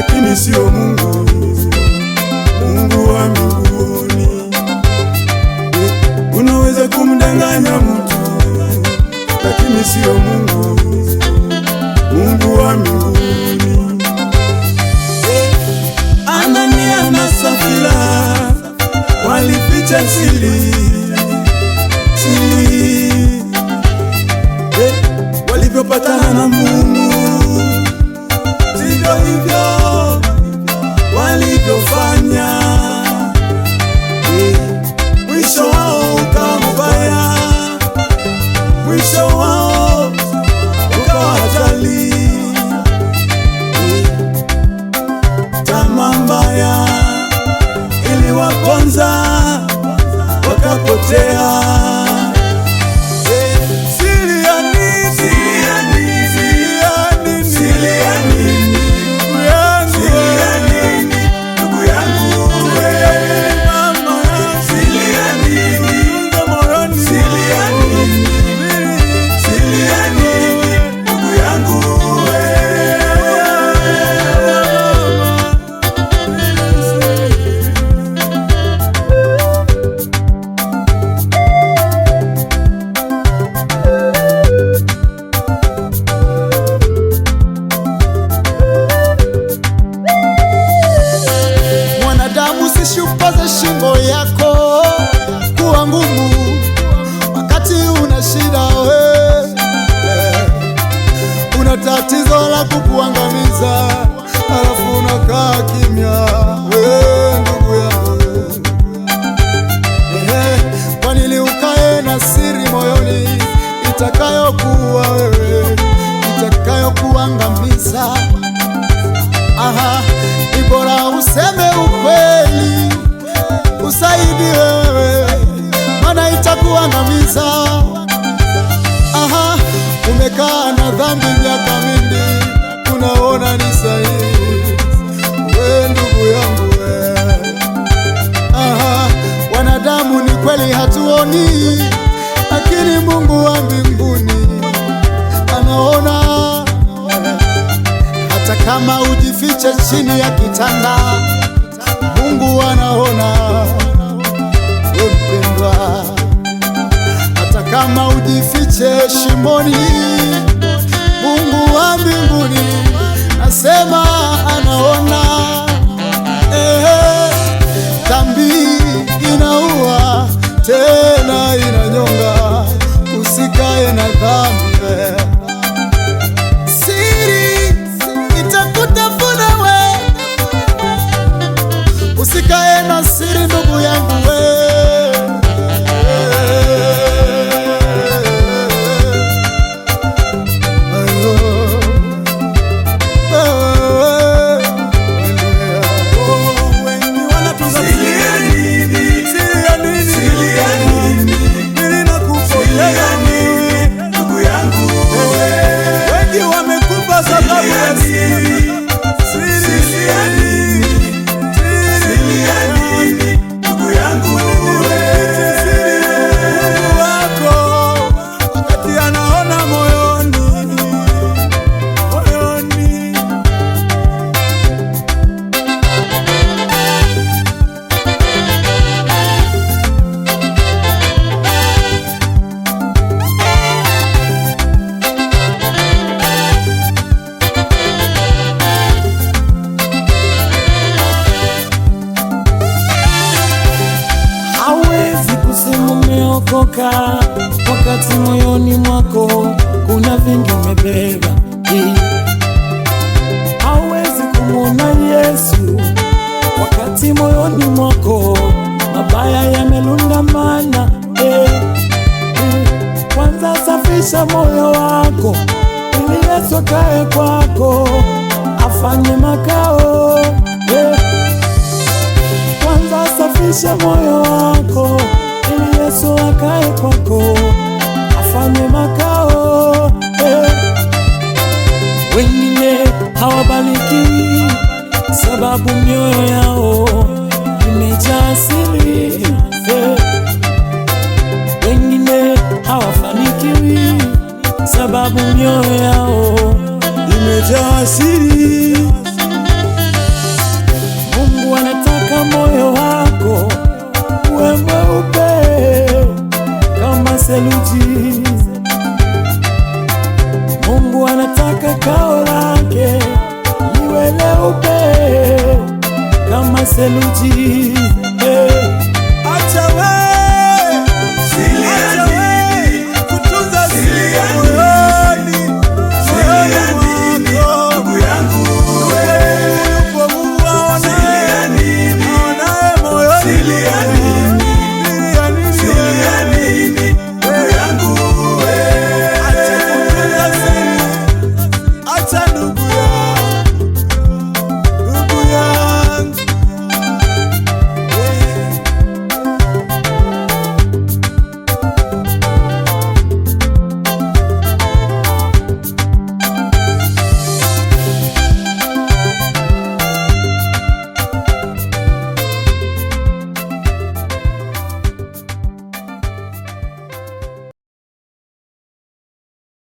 lakini sio Mungu, Mungu wa mbinguni. Unaweza kumdanganya mtu, lakini sio Mungu, Mungu wa mbinguni. Anania na Safira walificha siri kuangamiza, halafu unakaa kimya, we ndugu yangu, kwa nini ukae na siri moyoni itakayokuwa wewe, itakayokuangamiza? Aha, ni bora useme ukweli, usaidi wewe, mana itakuangamiza. Aha, umekaa na dhambi miaka unaona ni sahihi, we ndugu yangu we. Aha, wanadamu ni kweli hatuoni, lakini Mungu wa mbinguni anaona, hata kama ujifiche chini ya kitanda, Mungu anaona we mpendwa, hata kama ujifiche shimoni umeokoka, wakati moyoni mwako kuna vingi umebeba. Hauwezi kumwona Yesu wakati moyoni mwako mabaya yamelundamana. kwanza safisha moyo wako ili Yesu akae kwako afanye makao Kwanza safisha moyo wako Maria, sou a no dia.